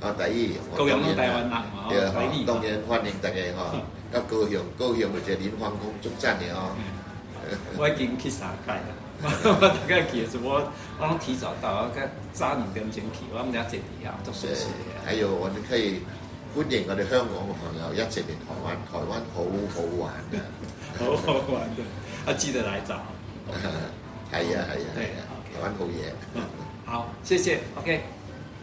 啊！第一，高雄大運啊、哦！當然歡迎大家高興高興的的哦。啊，高雄，高雄咪就連環工祝賀你哦。我已經去三屆啦， 我我大家去嘅時，我我提早到，我加三點鐘前去，我兩隻耳啊，都熟悉嘅。還有，我們可以歡迎我哋香港嘅朋友一齊嚟台灣，台灣好好玩嘅，好好玩嘅，記得嚟搵。係 啊係啊係啊！台灣好嘢、嗯。好，謝謝。OK。